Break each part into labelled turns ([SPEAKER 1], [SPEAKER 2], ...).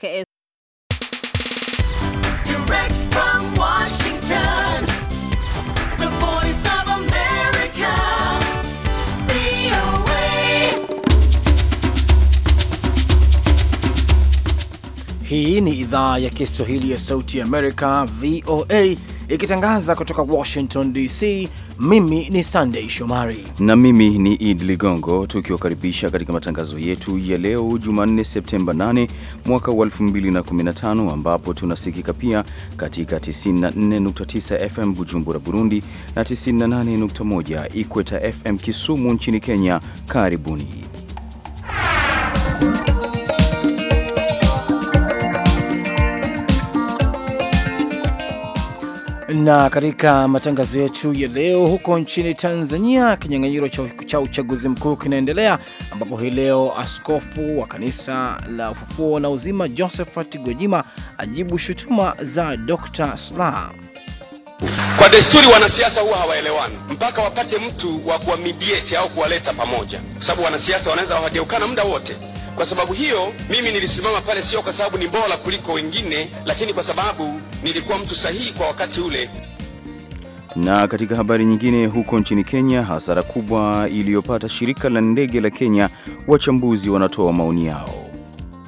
[SPEAKER 1] que es...
[SPEAKER 2] Direct from Washington, the voice of America, VOA.
[SPEAKER 3] Hii ni idhaa ya Kiswahili ya Sauti ya Amerika, VOA ikitangaza kutoka Washington DC. Mimi ni Sunday Shomari
[SPEAKER 2] na mimi ni Idi Ligongo, tukiwakaribisha katika matangazo yetu ya leo Jumanne, Septemba 8 mwaka wa 2015, ambapo tunasikika pia katika 94.9 FM Bujumbura, Burundi na 98.1 Ikweta FM Kisumu nchini Kenya. Karibuni.
[SPEAKER 3] na katika matangazo yetu ya leo, huko nchini Tanzania, kinyang'anyiro cha uchaguzi mkuu kinaendelea, ambapo hii leo askofu wa kanisa la ufufuo na uzima Josephat Gwajima ajibu shutuma za Dr. Slaa.
[SPEAKER 4] Kwa desturi wanasiasa huwa hawaelewani mpaka wapate mtu wa kuwamidiate au kuwaleta pamoja, kwa sababu wanasiasa wanaweza hawajaukana muda wote. Kwa sababu hiyo mimi nilisimama pale, sio kwa sababu ni bora kuliko wengine, lakini kwa sababu nilikuwa mtu sahihi kwa wakati ule.
[SPEAKER 2] Na katika habari nyingine, huko nchini Kenya, hasara kubwa iliyopata shirika la ndege la Kenya, wachambuzi wanatoa maoni yao.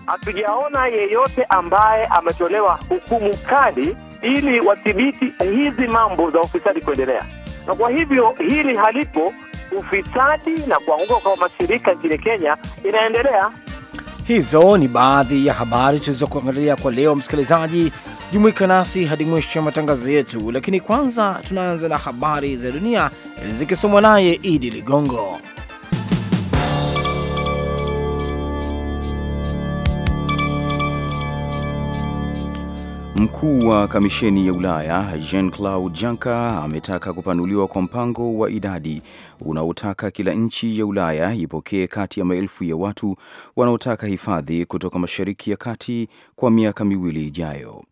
[SPEAKER 5] Hatujaona yeyote ambaye ametolewa hukumu kali ili wadhibiti hizi mambo za ufisadi kuendelea, na kwa hivyo hili halipo, ufisadi na kuanguka kwa mashirika nchini Kenya inaendelea.
[SPEAKER 3] Hizo ni baadhi ya habari tulizokuangalia kwa leo, msikilizaji. Jumuika nasi hadi mwisho ya matangazo yetu, lakini kwanza tunaanza na habari za dunia zikisomwa naye Idi Ligongo.
[SPEAKER 2] Mkuu wa kamisheni ya Ulaya Jean-Claude Juncker ametaka kupanuliwa kwa mpango wa idadi unaotaka kila nchi ya Ulaya ipokee kati ya maelfu ya watu wanaotaka hifadhi kutoka Mashariki ya Kati kwa miaka miwili ijayo.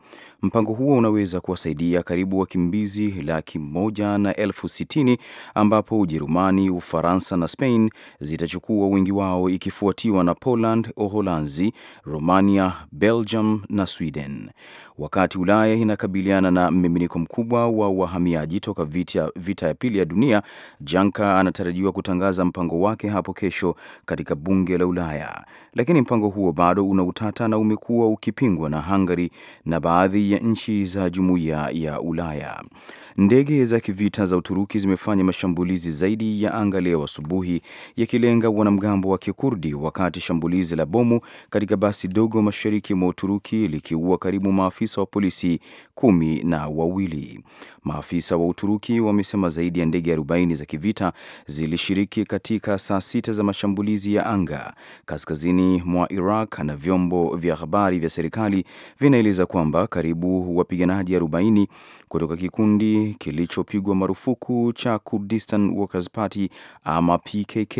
[SPEAKER 2] Mpango huo unaweza kuwasaidia karibu wakimbizi laki moja na elfu sitini ambapo Ujerumani, Ufaransa na Spain zitachukua wengi wao ikifuatiwa na Poland, Uholanzi, Romania, Belgium na Sweden wakati Ulaya inakabiliana na mmiminiko mkubwa wa wahamiaji toka vita, vita ya pili ya dunia. Janka anatarajiwa kutangaza mpango wake hapo kesho katika bunge la Ulaya, lakini mpango huo bado una utata na umekuwa ukipingwa na Hungary na baadhi ya nchi za jumuiya ya Ulaya. Ndege za kivita za Uturuki zimefanya mashambulizi zaidi ya anga leo asubuhi, yakilenga wanamgambo wa Kikurdi, wakati shambulizi la bomu katika basi dogo mashariki mwa Uturuki likiua karibu maafisa maafisa wa polisi kumi na wawili. Maafisa wa Uturuki wamesema zaidi ya ndege 40 za kivita zilishiriki katika saa sita za mashambulizi ya anga kaskazini mwa Iraq, na vyombo vya habari vya serikali vinaeleza kwamba karibu wapiganaji kutoka kikundi kilichopigwa marufuku cha Kurdistan Workers Party ama PKK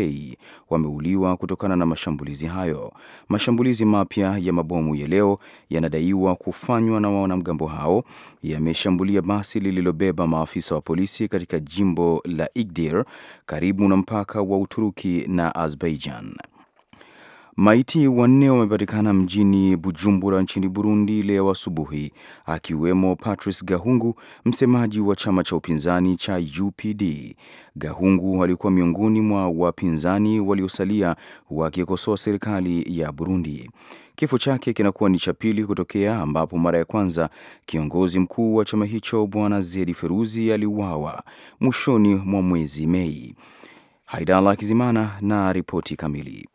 [SPEAKER 2] wameuliwa kutokana na mashambulizi hayo. Mashambulizi mapya ya mabomu ya leo yanadaiwa kufanywa na wanamgambo hao, yameshambulia basi lililobeba maafisa wa polisi katika jimbo la Igdir karibu na mpaka wa Uturuki na Azerbaijan. Maiti wanne wamepatikana mjini Bujumbura nchini Burundi leo asubuhi, akiwemo Patrice Gahungu, msemaji wa chama cha upinzani cha UPD. Gahungu alikuwa miongoni mwa wapinzani waliosalia wakikosoa serikali ya Burundi. Kifo chake kinakuwa ni cha pili kutokea, ambapo mara ya kwanza kiongozi mkuu wa chama hicho Bwana Zedi Feruzi aliuawa mwishoni mwa mwezi Mei. Haidala Kizimana na ripoti kamili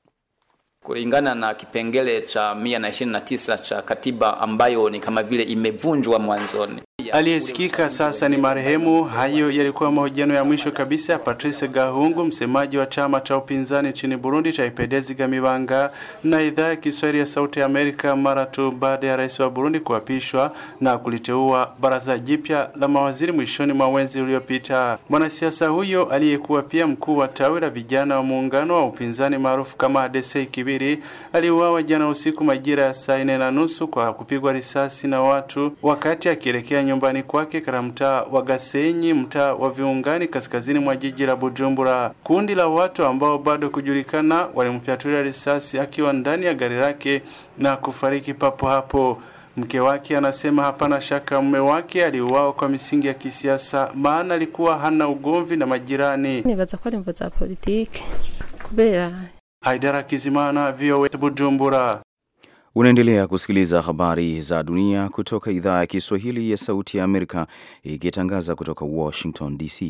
[SPEAKER 2] kulingana na kipengele cha 129 cha
[SPEAKER 6] katiba ambayo ni kama vile imevunjwa mwanzoni.
[SPEAKER 7] Aliyesikika sasa ni marehemu. Hayo yalikuwa mahojiano ya mwisho kabisa Patrice Gahungu, msemaji wa chama cha upinzani nchini Burundi cha Ipedezi Gamibanga, na idhaa ya Kiswahili ya Sauti ya Amerika mara tu baada ya rais wa Burundi kuapishwa na kuliteua baraza jipya la mawaziri mwishoni mwa mwezi uliopita. Mwanasiasa huyo aliyekuwa pia mkuu wa tawi la vijana wa muungano wa upinzani maarufu kama ADC Kibiri aliuawa jana usiku majira ya saa nne na nusu kwa kupigwa risasi na watu wakati akielekea nyumbani kwake katika mtaa wa Gasenyi, mtaa wa Viungani, kaskazini mwa jiji la Bujumbura. Kundi la watu ambao bado kujulikana walimfyatulia risasi akiwa ndani ya gari lake na kufariki papo hapo. Mke wake anasema hapana shaka mume wake aliuawa kwa misingi ya kisiasa, maana alikuwa hana ugomvi na majirani.
[SPEAKER 1] nibaza za politiki kubera
[SPEAKER 7] Haidara Kizimana, VOA, Bujumbura.
[SPEAKER 2] Unaendelea kusikiliza habari za dunia kutoka idhaa ya Kiswahili ya Sauti ya Amerika ikitangaza kutoka Washington DC.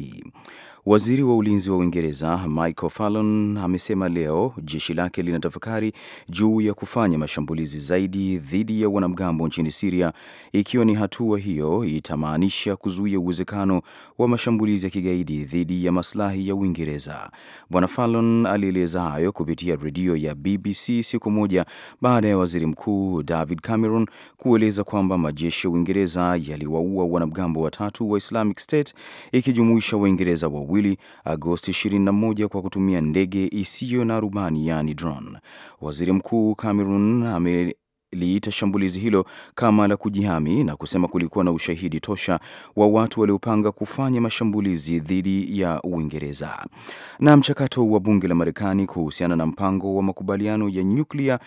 [SPEAKER 2] Waziri wa ulinzi wa Uingereza Michael Fallon amesema leo jeshi lake linatafakari juu ya kufanya mashambulizi zaidi dhidi ya wanamgambo nchini Siria, ikiwa ni hatua hiyo itamaanisha kuzuia uwezekano wa mashambulizi ya kigaidi dhidi ya maslahi ya Uingereza. Bwana Fallon alieleza hayo kupitia redio ya BBC siku moja baada ya waziri mkuu David Cameron kueleza kwamba majeshi ya Uingereza yaliwaua wanamgambo watatu wa Islamic State ikijumuisha Waingereza wawili wawili Agosti 21 kwa kutumia ndege isiyo na rubani yani drone. Waziri Mkuu Cameron ame liita shambulizi hilo kama la kujihami na kusema kulikuwa na ushahidi tosha wa watu waliopanga kufanya mashambulizi dhidi ya Uingereza. Na mchakato wa bunge la Marekani kuhusiana na mpango wa makubaliano ya nyuklia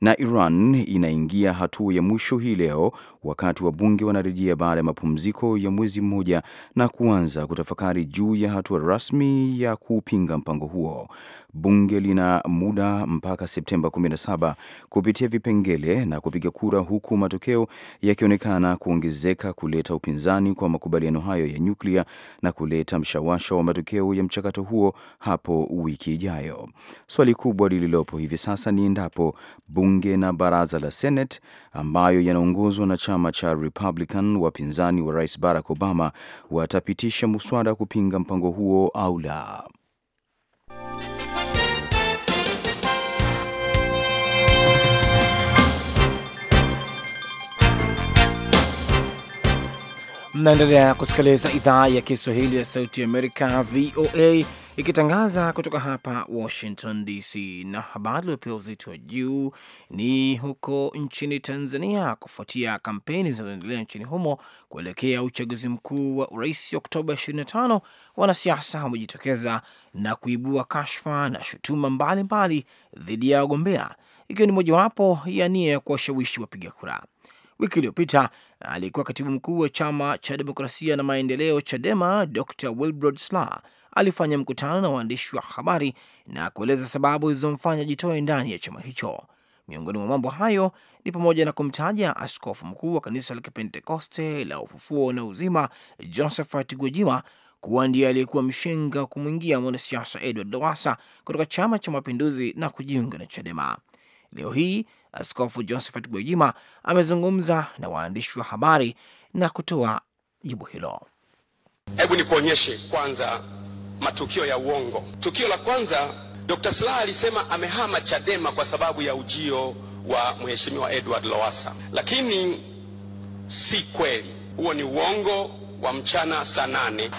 [SPEAKER 2] na Iran inaingia hatua ya mwisho hii leo, wakati wa bunge wanarejea baada ya mapumziko ya mwezi mmoja na kuanza kutafakari juu ya hatua rasmi ya kupinga mpango huo bunge lina muda mpaka Septemba 17 kupitia vipengele na kupiga kura, huku matokeo yakionekana kuongezeka kuleta upinzani kwa makubaliano hayo ya nyuklia na kuleta mshawasha wa matokeo ya mchakato huo hapo wiki ijayo. Swali kubwa lililopo hivi sasa ni endapo bunge na baraza la Senate ambayo yanaongozwa na chama cha Republican, wapinzani wa Rais Barack Obama, watapitisha muswada kupinga mpango huo au la.
[SPEAKER 3] Mnaendelea kusikiliza idhaa ya Kiswahili ya Sauti ya Amerika, VOA, ikitangaza kutoka hapa Washington DC. Na habari iliyopewa uzito wa juu ni huko nchini Tanzania, kufuatia kampeni zinazoendelea nchini humo kuelekea uchaguzi mkuu wa urais Oktoba 25, wanasiasa wamejitokeza na kuibua kashfa na shutuma mbalimbali dhidi ya wagombea, ikiwa ni mojawapo ya nia ya kuwashawishi wapiga kura. Wiki iliyopita aliyekuwa katibu mkuu wa chama cha demokrasia na maendeleo CHADEMA, Dr Wilbrod Sla alifanya mkutano na waandishi wa habari na kueleza sababu zilizomfanya jitoe ndani ya chama hicho. Miongoni mwa mambo hayo ni pamoja na kumtaja askofu mkuu wa kanisa la Kipentekoste la Ufufuo na Uzima Josephat Gwajima kuwa ndiye aliyekuwa mshenga wa kumwingia mwanasiasa Edward Lowasa kutoka Chama cha Mapinduzi na kujiunga na CHADEMA. Leo hii Askofu Josephat Gwejima amezungumza na waandishi wa habari na kutoa jibu hilo.
[SPEAKER 4] Hebu nikuonyeshe kwanza matukio ya uongo. Tukio la kwanza, d Slaa alisema amehama Chadema kwa sababu ya ujio wa mheshimiwa Edward Lowassa, lakini si kweli. Huo ni uongo wa mchana saa nane.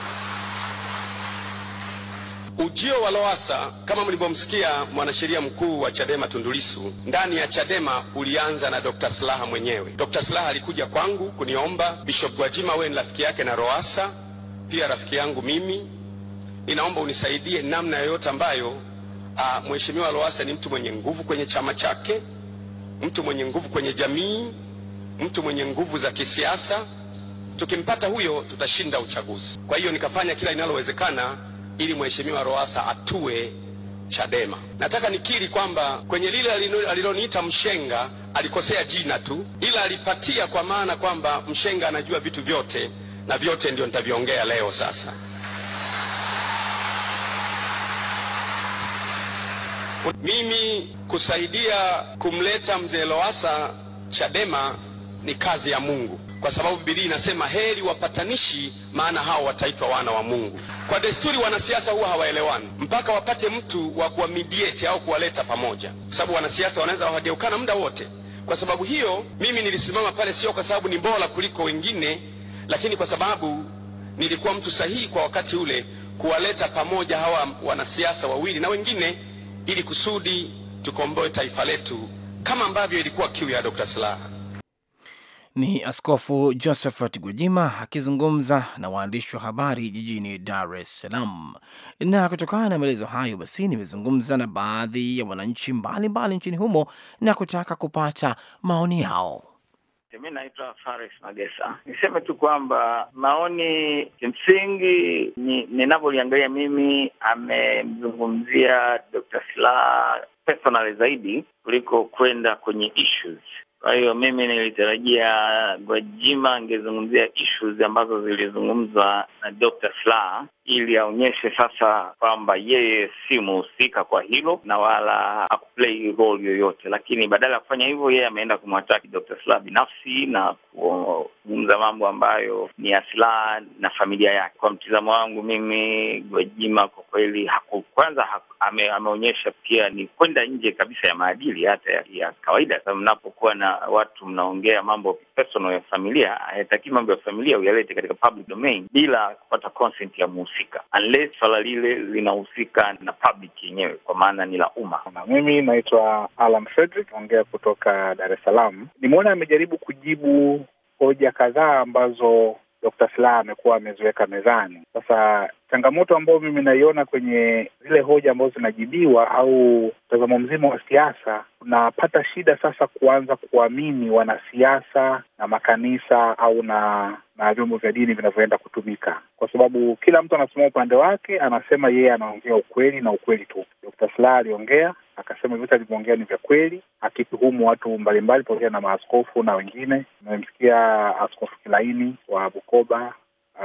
[SPEAKER 4] Ujio wa Lowassa kama mlivyomsikia mwanasheria mkuu wa Chadema tundulisu ndani ya Chadema ulianza na Dr. Slaha mwenyewe. Dr. Slaha alikuja kwangu kuniomba, Bishop Gwajima, wewe ni rafiki yake na Lowassa pia rafiki yangu mimi, ninaomba unisaidie namna yoyote ambayo ah, mheshimiwa Lowassa ni mtu mwenye nguvu kwenye chama chake, mtu mwenye nguvu kwenye jamii, mtu mwenye nguvu za kisiasa. Tukimpata huyo tutashinda uchaguzi. Kwa hiyo nikafanya kila linalowezekana ili mheshimiwa roasa atue Chadema. Nataka nikiri kwamba kwenye lile aliloniita mshenga alikosea jina tu, ila alipatia kwa maana kwamba mshenga anajua vitu vyote na vyote ndio nitaviongea leo. Sasa mimi kusaidia kumleta mzee Lowassa Chadema ni kazi ya Mungu kwa sababu Biblia inasema heri wapatanishi, maana hao wataitwa wana wa Mungu. Kwa desturi, wanasiasa huwa hawaelewani mpaka wapate mtu wa kuwamidiate au kuwaleta pamoja, kwa sababu wanasiasa wanaweza wakageukana muda wote. Kwa sababu hiyo, mimi nilisimama pale, sio kwa sababu ni bora kuliko wengine, lakini kwa sababu nilikuwa mtu sahihi kwa wakati ule kuwaleta pamoja hawa wanasiasa wawili na wengine, ili kusudi tukomboe taifa letu kama ambavyo ilikuwa kiu ya Dr. Slaa.
[SPEAKER 3] Ni Askofu Josephat Gwajima akizungumza na waandishi wa habari jijini Dar es Salaam. Na kutokana na maelezo hayo, basi nimezungumza na baadhi ya wananchi mbalimbali nchini humo na kutaka kupata maoni yao.
[SPEAKER 6] Mi naitwa Faris Magesa. Niseme tu kwamba maoni kimsingi, ninavyoliangalia ni mimi, amemzungumzia Dr. Slaa personal zaidi kuliko kwenda kwenye issues kwa hiyo mimi nilitarajia Gwajima angezungumzia issues ambazo zilizungumzwa na Dr. Slaa ili aonyeshe sasa kwamba yeye si mhusika kwa hilo na wala hakuplay role yoyote, lakini badala ya kufanya hivyo, yeye ameenda kumwataki Dr. Slaa binafsi na kuzungumza mambo ambayo ni ya Slaa na familia yake. Kwa mtizamo wangu mimi, Gwajima kwa kweli haku, kwanza haku, ame, ameonyesha pia ni kwenda nje kabisa ya maadili hata ya, ya kawaida. Mnapokuwa na watu mnaongea mambo personal ya familia, ayatakii mambo ya familia uyalete katika public domain bila kupata consent ya muhusika linahusika unless swala lile linahusika na public yenyewe, kwa maana ni la umma. Na
[SPEAKER 8] mimi naitwa alam Fredrick, naongea kutoka Dar es Salaam. Nimeona amejaribu kujibu hoja kadhaa ambazo d Slaa amekuwa ameziweka mezani. Sasa changamoto ambayo mimi naiona kwenye zile hoja ambazo zinajibiwa au mtazamo mzima wa siasa, unapata shida sasa kuanza kuamini wanasiasa na makanisa au na na vyombo vya dini vinavyoenda kutumika, kwa sababu kila mtu anasimama upande wake, anasema yeye anaongea ukweli na ukweli tu. Dokta Slaa aliongea akasema vyote alivyoongea ni vya kweli, akituhumu watu mbalimbali pamoja na maaskofu na wengine. Nimemsikia Askofu Kilaini wa Bukoba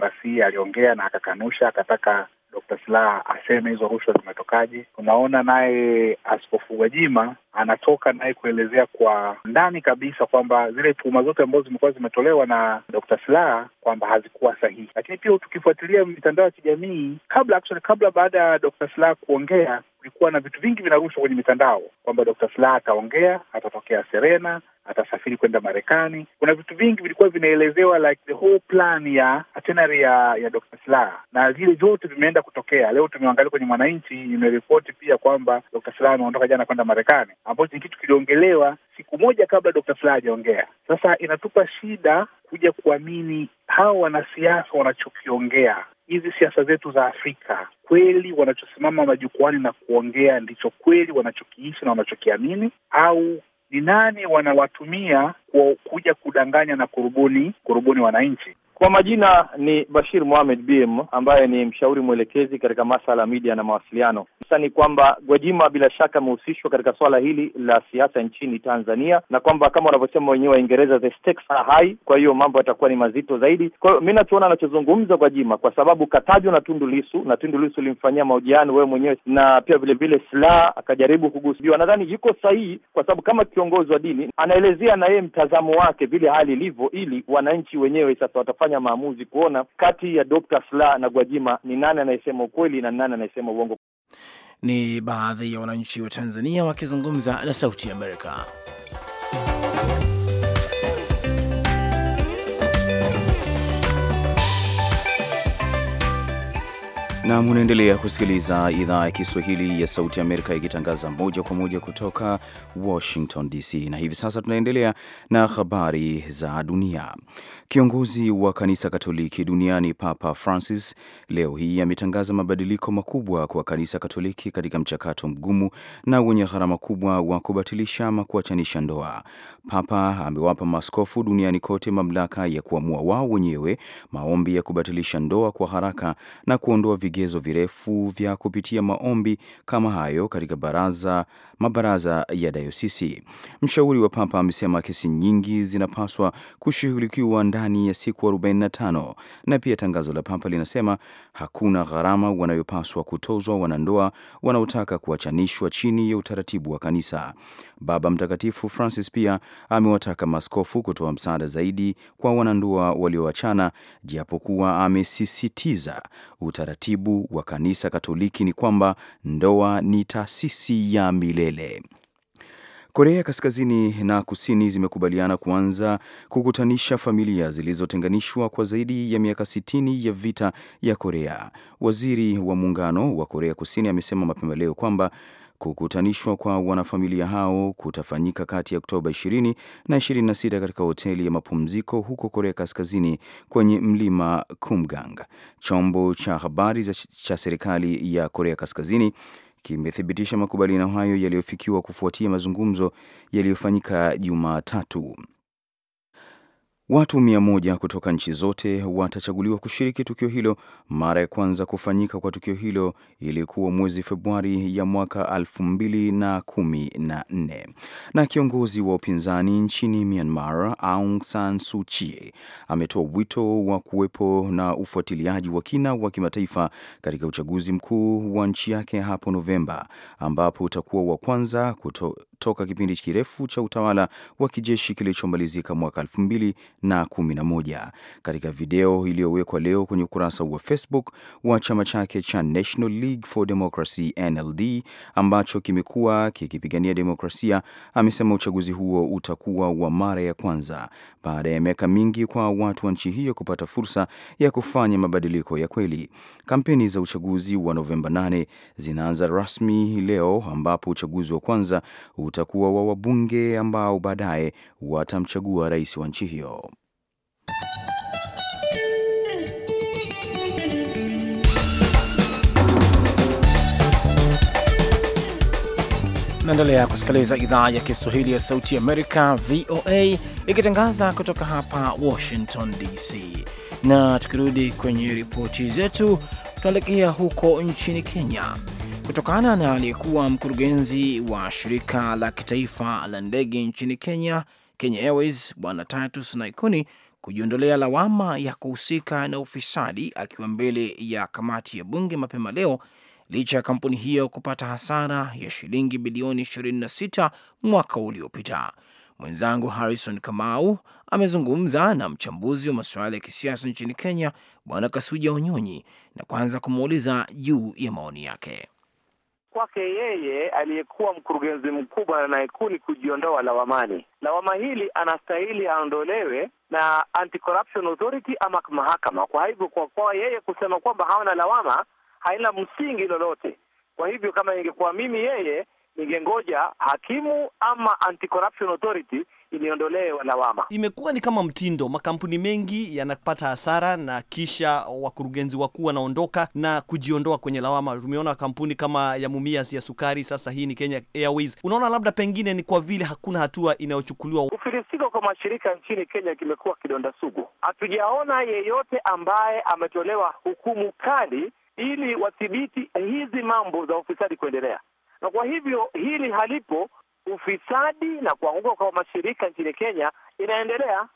[SPEAKER 8] RC aliongea na akakanusha, akataka Dkt. Slaa aseme hizo rushwa zimetokaje. Tunaona naye Askofu Gwajima anatoka naye kuelezea kwa ndani kabisa kwamba zile tuhuma zote ambazo zimekuwa zimetolewa na Dkt. Slaa kwamba hazikuwa sahihi. Lakini pia tukifuatilia mitandao ya kijamii kabla actually, kabla baada ya Dkt. Slaa kuongea, kulikuwa na vitu vingi vinarushwa kwenye mitandao kwamba Dkt. Slaa ataongea, atatokea Serena atasafiri kwenda Marekani. Kuna vitu vingi vilikuwa vinaelezewa like the whole plan ya itinerary ya ya Dr. Slaa na vile vyote vimeenda kutokea. Leo tumeangalia kwenye Mwananchi imeripoti pia kwamba Dr. Slaa ameondoka jana kwenda Marekani, ambacho ni kitu kiliongelewa siku moja kabla Dr. Slaa hajaongea. Sasa inatupa shida kuja kuamini hawa wanasiasa wanachokiongea hizi siasa zetu za Afrika kweli wanachosimama majukwani na kuongea ndicho kweli wanachokiishi na wanachokiamini, au ni nani wanawatumia kuja kudanganya na kurubuni kurubuni wananchi. Kwa majina ni Bashir Mohamed BM
[SPEAKER 5] ambaye ni mshauri mwelekezi katika masuala ya media na mawasiliano. Sasa ni kwamba Gwajima bila shaka amehusishwa katika swala hili la siasa nchini Tanzania, na kwamba kama wanavyosema wenyewe Waingereza, the stakes are high, kwa hiyo mambo yatakuwa ni mazito zaidi. Kwa hiyo mi nachoona anachozungumza Gwajima, kwa sababu katajwa na Tundu Lisu na Tundu Lisu ilimfanyia mahojiano wewe mwenyewe na pia vilevile silaha akajaribu kugusiwa, nadhani yuko sahihi, kwa sababu kama kiongozi wa dini anaelezea na yeye mtazamo wake vile hali ilivyo, ili wananchi wenyewe sasa watafanya kufanya maamuzi kuona kati ya Dr. Sla
[SPEAKER 3] na Gwajima ni nani anayesema ukweli na nani anayesema uongo. Ni baadhi ya wananchi wa Tanzania wakizungumza na Sauti ya Amerika.
[SPEAKER 2] na munaendelea kusikiliza idhaa ya Kiswahili ya Sauti Amerika ikitangaza moja kwa moja kutoka Washington DC, na hivi sasa tunaendelea na habari za dunia. Kiongozi wa kanisa Katoliki duniani Papa Francis leo hii ametangaza mabadiliko makubwa kwa kanisa Katoliki katika mchakato mgumu na wenye gharama kubwa wa kubatilisha ama kuachanisha ndoa. Papa amewapa maskofu duniani kote mamlaka ya kuamua wao wenyewe maombi ya kubatilisha ndoa kwa haraka na kuondoa vigezo virefu vya kupitia maombi kama hayo katika baraza, mabaraza ya dayosisi. Mshauri wa Papa amesema kesi nyingi zinapaswa kushughulikiwa ndani ya siku 45 na pia tangazo la Papa linasema hakuna gharama wanayopaswa kutozwa wanandoa wanaotaka kuachanishwa chini ya utaratibu wa kanisa. Baba Mtakatifu Francis pia amewataka maskofu kutoa msaada zaidi kwa wanandoa walioachana, japokuwa amesisitiza utaratibu wa kanisa Katoliki ni kwamba ndoa ni taasisi ya milele. Korea Kaskazini na Kusini zimekubaliana kuanza kukutanisha familia zilizotenganishwa kwa zaidi ya miaka 60 ya vita ya Korea. Waziri wa muungano wa Korea Kusini amesema mapema leo kwamba Kukutanishwa kwa wanafamilia hao kutafanyika kati ya Oktoba 20 na 26 katika hoteli ya mapumziko huko Korea Kaskazini kwenye mlima Kumgang. Chombo cha habari cha serikali ya Korea Kaskazini kimethibitisha makubaliano hayo yaliyofikiwa kufuatia mazungumzo yaliyofanyika Jumatatu. Watu mia moja kutoka nchi zote watachaguliwa kushiriki tukio hilo. Mara ya kwanza kufanyika kwa tukio hilo ilikuwa mwezi Februari ya mwaka elfu mbili na kumi na nne. Na kiongozi wa upinzani nchini Myanmar, Aung San Suu Kyi, ametoa wito wa kuwepo na ufuatiliaji wa kina wa kimataifa katika uchaguzi mkuu wa nchi yake hapo Novemba, ambapo utakuwa wa kwanza kuto, toka kipindi kirefu cha utawala wa kijeshi kilichomalizika mwaka 2011. Katika video iliyowekwa leo kwenye ukurasa wa Facebook wa chama chake cha National League for Democracy NLD, ambacho kimekuwa kikipigania demokrasia, amesema uchaguzi huo utakuwa wa mara ya kwanza baada ya miaka mingi kwa watu wa nchi hiyo kupata fursa ya kufanya mabadiliko ya kweli. Kampeni za uchaguzi wa Novemba 8 zinaanza rasmi leo ambapo uchaguzi wa kwanza utakuwa wa wabunge ambao baadaye watamchagua rais wa nchi hiyo.
[SPEAKER 3] Naendelea kusikiliza idhaa ya Kiswahili ya Sauti ya Amerika, VOA, ikitangaza kutoka hapa Washington DC. Na tukirudi kwenye ripoti zetu, tunaelekea huko nchini Kenya kutokana na aliyekuwa mkurugenzi wa shirika la kitaifa la ndege nchini Kenya, Kenya Airways, Bwana Titus Naikuni kujiondolea lawama ya kuhusika na ufisadi akiwa mbele ya kamati ya bunge mapema leo, licha ya kampuni hiyo kupata hasara ya shilingi bilioni 26 mwaka uliopita. Mwenzangu Harrison Kamau amezungumza na mchambuzi wa masuala ya kisiasa nchini Kenya, Bwana Kasuja Onyonyi, na kwanza kumuuliza juu ya maoni yake
[SPEAKER 5] kwake yeye aliyekuwa mkurugenzi mkubwa na Naikuni kujiondoa lawamani. Lawama hili anastahili aondolewe na Anti-Corruption Authority ama mahakama. Kwa hivyo, kwa kwa yeye kusema kwamba hawana lawama haina msingi lolote. Kwa hivyo, kama ingekuwa mimi yeye, ningengoja hakimu ama Anti-Corruption Authority iliondolewe lawama. Imekuwa
[SPEAKER 9] ni kama mtindo, makampuni mengi yanapata hasara na kisha wakurugenzi wakuu wanaondoka na kujiondoa kwenye lawama. Tumeona kampuni kama ya Mumias ya sukari, sasa hii ni Kenya Airways. Unaona, labda pengine ni kwa vile hakuna hatua inayochukuliwa. Kufilisika kwa mashirika nchini Kenya kimekuwa kidonda sugu. Hatujaona yeyote ambaye ametolewa
[SPEAKER 5] hukumu kali ili wadhibiti hizi mambo za ufisadi kuendelea, na kwa hivyo hili halipo, ufisadi na kuanguka kwa mashirika nchini Kenya inaendelea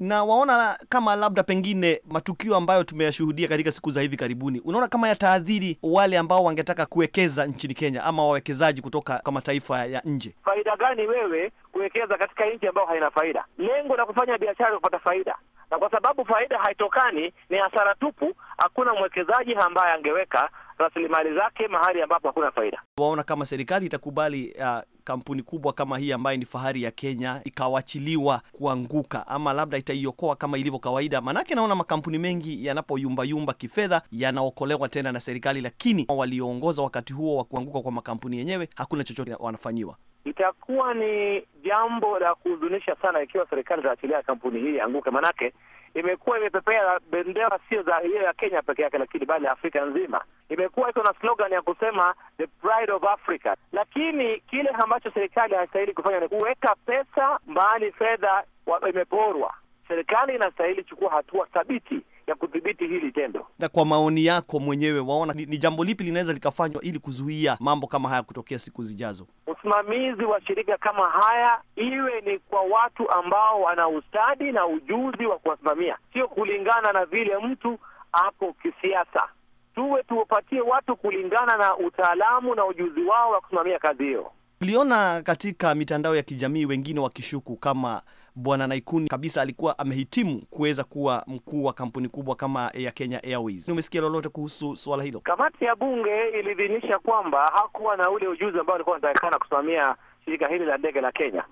[SPEAKER 9] na waona kama labda pengine matukio ambayo tumeyashuhudia katika siku za hivi karibuni, unaona kama yataadhiri wale ambao wangetaka kuwekeza nchini Kenya ama wawekezaji kutoka kwa mataifa ya nje?
[SPEAKER 5] Faida gani wewe kuwekeza katika nchi ambayo haina faida? Lengo la kufanya biashara kupata faida na kwa sababu faida haitokani, ni hasara tupu. Hakuna mwekezaji ambaye angeweka rasilimali zake mahali ambapo hakuna faida.
[SPEAKER 9] Waona kama serikali itakubali uh, kampuni kubwa kama hii ambayo ni fahari ya Kenya ikawachiliwa kuanguka, ama labda itaiokoa kama ilivyo kawaida? Maanake naona makampuni mengi yanapoyumbayumba kifedha yanaokolewa tena na serikali, lakini walioongoza wakati huo wa kuanguka kwa makampuni yenyewe hakuna chochote wanafanyiwa
[SPEAKER 5] itakuwa ni jambo la kuhuzunisha sana ikiwa serikali itaachilia kampuni hii anguke, manake imekuwa imepepea bendera sio za hiyo ya Kenya peke yake, lakini bali ya Afrika nzima. Imekuwa iko na slogan ya kusema the pride of Africa, lakini kile ambacho serikali haistahili kufanya ni kuweka pesa mbali fedha imeporwa. Serikali inastahili chukua hatua thabiti ya kudhibiti hili tendo.
[SPEAKER 9] Na kwa maoni yako mwenyewe, waona ni, ni jambo lipi linaweza likafanywa ili kuzuia mambo kama haya kutokea siku zijazo?
[SPEAKER 5] Usimamizi wa shirika kama haya iwe ni kwa watu ambao wana ustadi na ujuzi wa kuwasimamia, sio kulingana na vile mtu hapo kisiasa. Tuwe tuwapatie watu kulingana na utaalamu na ujuzi wao wa kusimamia kazi hiyo.
[SPEAKER 9] Tuliona katika mitandao ya kijamii wengine wakishuku kama Bwana Naikuni kabisa alikuwa amehitimu kuweza kuwa mkuu wa kampuni kubwa kama ya Kenya Airways. Umesikia lolote kuhusu suala hilo?
[SPEAKER 5] Kamati ya bunge iliidhinisha kwamba hakuwa na ule ujuzi ambao alikuwa anatakikana kusimamia shirika hili la ndege la Kenya.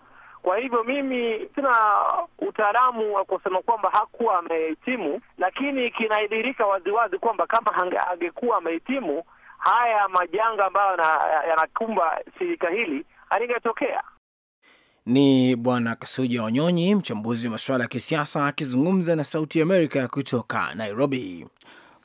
[SPEAKER 5] Kwa hivyo mimi sina utaalamu wa kusema kwamba hakuwa amehitimu, lakini kinaidirika waziwazi kwamba kama angekuwa amehitimu, haya majanga ambayo yanakumba shirika hili
[SPEAKER 3] alingetokea ni Bwana Kasuja Wanyonyi, mchambuzi wa masuala ya kisiasa akizungumza na Sauti Amerika kutoka Nairobi.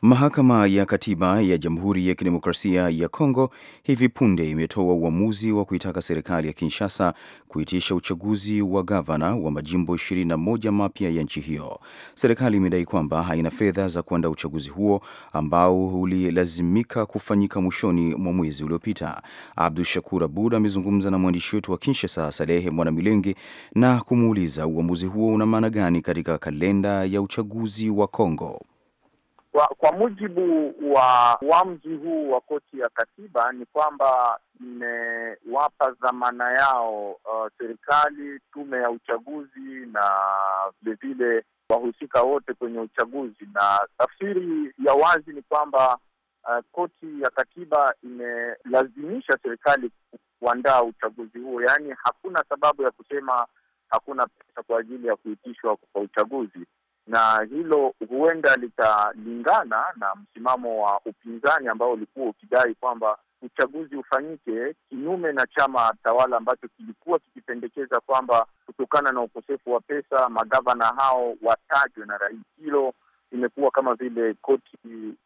[SPEAKER 2] Mahakama ya Katiba ya Jamhuri ya Kidemokrasia ya Kongo hivi punde imetoa uamuzi wa kuitaka serikali ya Kinshasa kuitisha uchaguzi wa gavana wa majimbo 21 mapya ya nchi hiyo. Serikali imedai kwamba haina fedha za kuandaa uchaguzi huo ambao ulilazimika kufanyika mwishoni mwa mwezi uliopita. Abdu Shakur Abud amezungumza na mwandishi wetu wa Kinshasa, Salehe Mwanamilenge, na kumuuliza uamuzi huo una maana gani katika kalenda ya uchaguzi wa Kongo.
[SPEAKER 10] Kwa, kwa mujibu wa uamuzi huu wa koti ya katiba ni kwamba imewapa dhamana yao uh, serikali, uh, tume ya uchaguzi na vilevile wahusika wote kwenye uchaguzi, na tafsiri ya wazi ni kwamba uh, koti ya katiba imelazimisha serikali kuandaa uchaguzi huo, yaani hakuna sababu ya kusema hakuna pesa kwa ajili ya kuitishwa kwa uchaguzi na hilo huenda litalingana na msimamo wa upinzani ambao ulikuwa ukidai kwamba uchaguzi ufanyike kinyume na chama tawala ambacho kilikuwa kikipendekeza kwamba kutokana na ukosefu wa pesa magavana hao watajwe na rais. Hilo imekuwa kama vile koti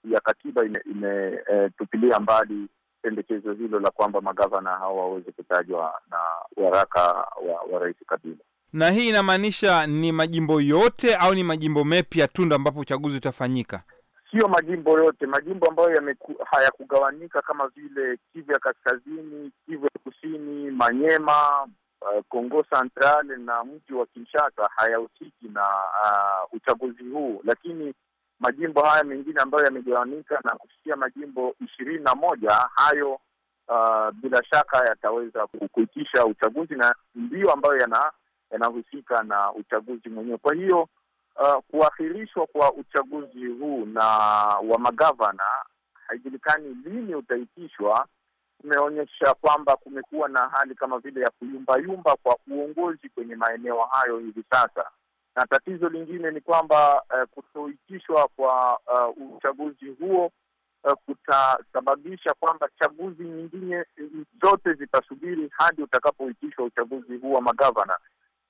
[SPEAKER 10] ya katiba imetupilia ime, e, mbali pendekezo hilo la kwamba magavana hao waweze kutajwa na waraka wa, wa rais Kabila.
[SPEAKER 8] Na hii inamaanisha ni majimbo yote au ni majimbo mepi ya Tunda ambapo uchaguzi utafanyika?
[SPEAKER 10] Sio majimbo yote, majimbo ambayo hayakugawanika kama vile Kivu ya Kaskazini, Kivu ya Kusini, Manyema, eh, Kongo Central na mji wa Kinshasa hayahusiki na uh, uchaguzi huu, lakini majimbo haya mengine ambayo yamegawanika na kufikia majimbo ishirini na moja hayo, uh, bila shaka yataweza kuitisha uchaguzi na ndiyo ambayo yana yanahusika na uchaguzi mwenyewe. Kwa hiyo uh, kuahirishwa kwa uchaguzi huu na wa magavana haijulikani lini utaitishwa kumeonyesha kwamba kumekuwa na hali kama vile ya kuyumbayumba kwa uongozi kwenye maeneo hayo hivi sasa. Na tatizo lingine ni kwamba uh, kutoitishwa kwa uh, uchaguzi huo uh, kutasababisha kwamba chaguzi nyingine zote zitasubiri hadi utakapoitishwa uchaguzi huu wa magavana.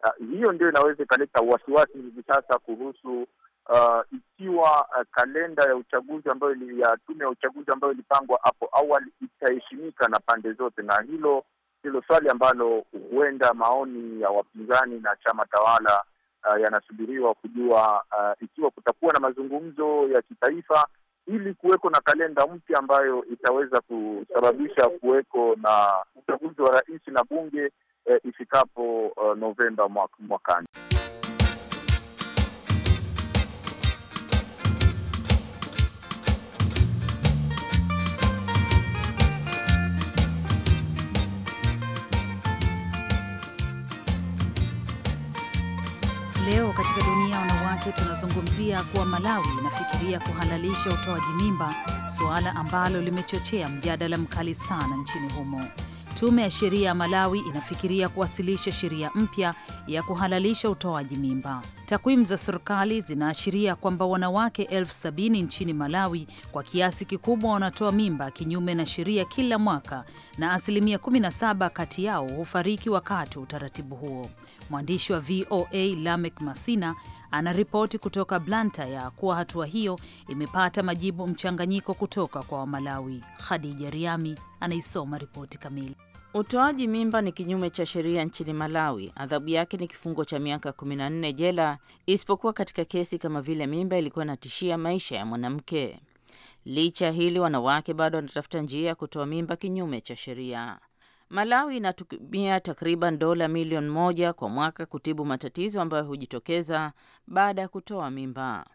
[SPEAKER 10] Uh, hiyo ndio inaweza ikaleta wasiwasi hivi sasa kuhusu uh, ikiwa uh, kalenda ya uchaguzi ambayo ili, ya tume ya uchaguzi ambayo ilipangwa hapo awali itaheshimika na pande zote, na hilo ndilo swali ambalo huenda maoni ya wapinzani na chama tawala uh, yanasubiriwa kujua uh, ikiwa kutakuwa na mazungumzo ya kitaifa ili kuweko na kalenda mpya ambayo itaweza kusababisha kuweko na uchaguzi wa rais na bunge eh, ifikapo uh, eh, Novemba mwakani.
[SPEAKER 1] Leo katika dunia ya wanawake tunazungumzia kuwa Malawi inafikiria kuhalalisha utoaji mimba, suala ambalo limechochea mjadala mkali sana nchini humo. Tume ya sheria ya Malawi inafikiria kuwasilisha sheria mpya ya kuhalalisha utoaji mimba. Takwimu za serikali zinaashiria kwamba wanawake elfu sabini nchini Malawi kwa kiasi kikubwa wanatoa mimba kinyume na sheria kila mwaka, na asilimia 17 kati yao hufariki wakati wa utaratibu huo. Mwandishi wa VOA Lamek Masina anaripoti kutoka Blantyre kuwa hatua hiyo imepata majibu mchanganyiko kutoka kwa Wamalawi. Khadija Riami anaisoma ripoti kamili. Utoaji
[SPEAKER 11] mimba ni kinyume cha sheria nchini Malawi. Adhabu yake ni kifungo cha miaka 14 jela, isipokuwa katika kesi kama vile mimba ilikuwa inatishia maisha ya mwanamke. Licha ya hili, wanawake bado wanatafuta njia ya kutoa mimba kinyume cha sheria. Malawi inatumia takriban dola milioni moja kwa mwaka kutibu matatizo ambayo hujitokeza baada ya kutoa mimba.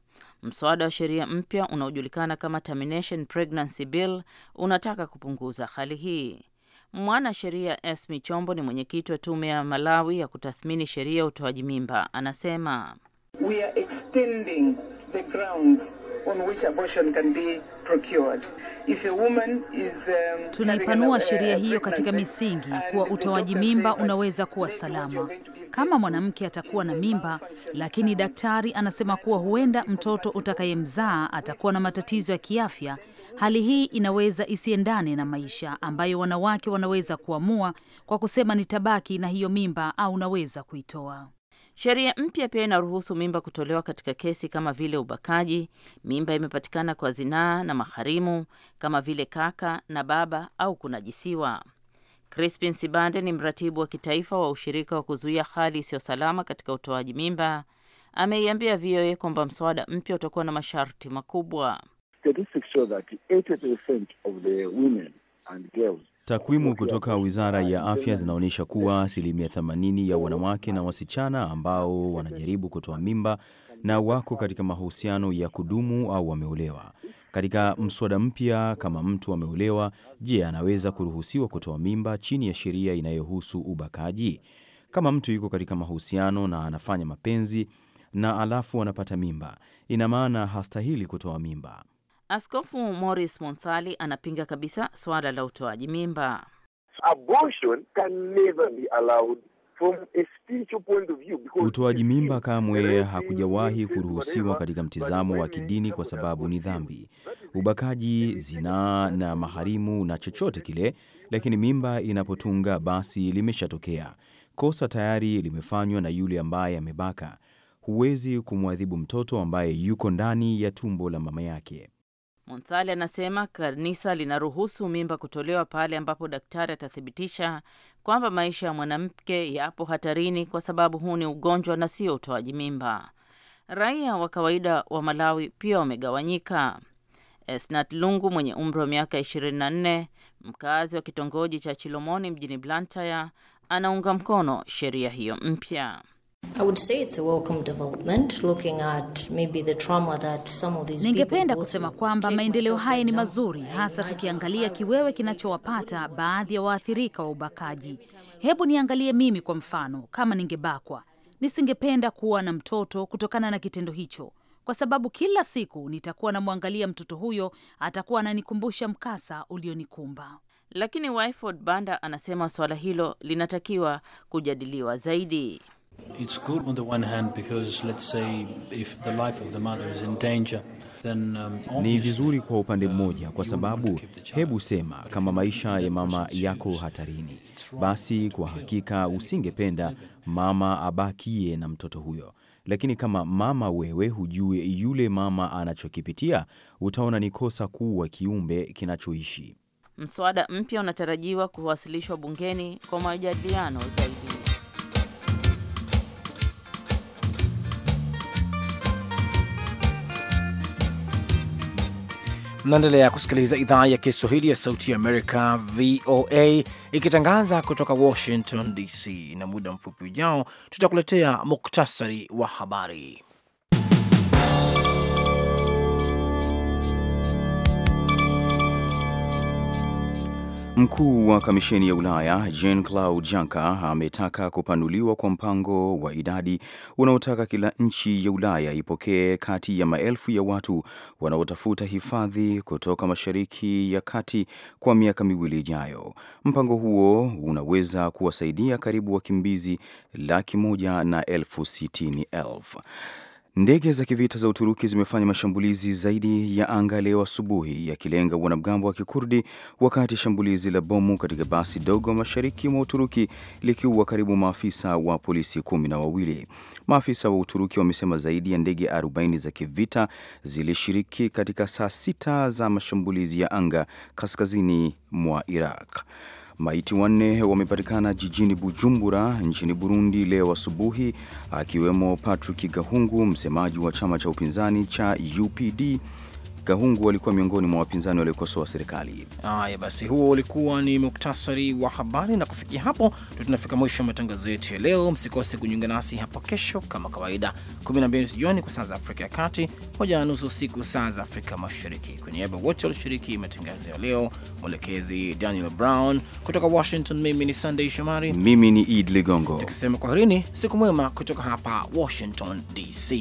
[SPEAKER 11] Mswada wa sheria mpya unaojulikana kama Termination Pregnancy Bill unataka kupunguza hali hii. Mwanasheria Esmi Chombo ni mwenyekiti wa tume ya Malawi ya kutathmini sheria ya utoaji mimba, anasema
[SPEAKER 3] We are extending the grounds on which abortion can be procured. If a woman is, um, tunaipanua sheria uh, hiyo katika
[SPEAKER 1] misingi kuwa utoaji mimba unaweza kuwa salama. Kama mwanamke atakuwa na mimba, lakini daktari anasema kuwa huenda mtoto utakayemzaa atakuwa na matatizo ya kiafya Hali hii inaweza isiendane na maisha ambayo wanawake wanaweza kuamua kwa kusema nitabaki na hiyo mimba au naweza kuitoa. Sheria mpya pia inaruhusu
[SPEAKER 11] mimba kutolewa katika kesi kama vile ubakaji, mimba imepatikana kwa zinaa na maharimu kama vile kaka na baba au kunajisiwa. Crispin Sibande ni mratibu wa kitaifa wa ushirika wa kuzuia hali isiyo salama katika utoaji mimba. Ameiambia VOA kwamba mswada mpya utakuwa na masharti makubwa.
[SPEAKER 10] Statistics show that 80% of the women and girls
[SPEAKER 2] Takwimu kutoka Wizara ya Afya zinaonyesha kuwa asilimia 80 ya wanawake na wasichana ambao wanajaribu kutoa mimba na wako katika mahusiano ya kudumu au wameolewa. Katika mswada mpya, kama mtu ameolewa, je, anaweza kuruhusiwa kutoa mimba chini ya sheria inayohusu ubakaji? Kama mtu yuko katika mahusiano na anafanya mapenzi na alafu anapata mimba, ina maana hastahili kutoa mimba.
[SPEAKER 11] Askofu Morris Monthali anapinga kabisa swala la utoaji mimba.
[SPEAKER 2] Utoaji mimba kamwe hakujawahi kuruhusiwa katika mtizamo wa kidini kwa sababu ni dhambi. Ubakaji, zinaa na maharimu na chochote kile, lakini mimba inapotunga basi limeshatokea. Kosa tayari limefanywa na yule ambaye amebaka. Huwezi kumwadhibu mtoto ambaye yuko ndani ya tumbo la mama yake.
[SPEAKER 11] Monthali anasema kanisa linaruhusu mimba kutolewa pale ambapo daktari atathibitisha kwamba maisha ya mwanamke yapo hatarini kwa sababu huu ni ugonjwa na sio utoaji mimba. Raia wa kawaida wa Malawi pia wamegawanyika. Esnat Lungu mwenye umri wa miaka 24, mkazi wa kitongoji cha Chilomoni mjini Blantyre, anaunga mkono sheria hiyo mpya.
[SPEAKER 1] Ningependa kusema kwamba maendeleo haya ni mazuri, hasa tukiangalia kiwewe kinachowapata baadhi ya waathirika wa ubakaji. Hebu niangalie mimi kwa mfano, kama ningebakwa, nisingependa kuwa na mtoto kutokana na kitendo hicho, kwa sababu kila siku nitakuwa namwangalia mtoto huyo, atakuwa ananikumbusha mkasa ulionikumba.
[SPEAKER 11] Lakini Wyford Banda anasema suala hilo linatakiwa kujadiliwa zaidi.
[SPEAKER 8] It's good on the one hand because let's say if the life of the mother is in danger Then, um, ni
[SPEAKER 2] vizuri kwa upande uh, mmoja, kwa sababu hebu sema kama maisha ya mama yako hatarini, basi kwa hakika usingependa mama abakie na mtoto huyo. Lakini kama mama wewe hujue yule mama anachokipitia, utaona ni kosa wa kiumbe kinachoishi.
[SPEAKER 11] Mswada mpya unatarajiwa kuwasilishwa bungeni kwa majadiliano zaidi.
[SPEAKER 3] Mnaendelea kusikiliza idhaa ya Kiswahili ya Sauti ya Amerika, VOA, ikitangaza kutoka Washington DC, na muda mfupi ujao tutakuletea muktasari wa habari.
[SPEAKER 2] Mkuu wa Kamisheni ya Ulaya Jean-Claude Juncker ametaka kupanuliwa kwa mpango wa idadi unaotaka kila nchi ya Ulaya ipokee kati ya maelfu ya watu wanaotafuta hifadhi kutoka Mashariki ya Kati kwa miaka miwili ijayo. Mpango huo unaweza kuwasaidia karibu wakimbizi laki moja na elfu sitini elfu. Ndege za kivita za Uturuki zimefanya mashambulizi zaidi ya anga leo asubuhi yakilenga wanamgambo wa Kikurdi, wakati shambulizi la bomu katika basi dogo mashariki mwa Uturuki likiua karibu maafisa wa polisi kumi na wawili. Maafisa wa Uturuki wamesema zaidi ya ndege 40 za kivita zilishiriki katika saa sita za mashambulizi ya anga kaskazini mwa Iraq. Maiti wanne wamepatikana jijini Bujumbura nchini Burundi leo asubuhi, akiwemo Patrick Gahungu, msemaji wa chama cha upinzani cha UPD Kahungu walikuwa miongoni mwa wapinzani waliokosoa serikali.
[SPEAKER 3] Haya basi, huo ulikuwa ni muktasari wa habari, na kufikia hapo ndio tunafika mwisho wa matangazo yetu ya leo. Msikose kujiunga nasi hapo kesho kama kawaida 12 jioni kwa saa za Afrika ya Kati, moja na nusu usiku saa za Afrika Mashariki. Kwa niaba wote walioshiriki matangazo ya leo, mwelekezi Daniel Brown kutoka Washington, mimi ni sandey Shomari, mimi ni Id Ligongo, tukisema kwaherini, siku mwema kutoka hapa Washington DC.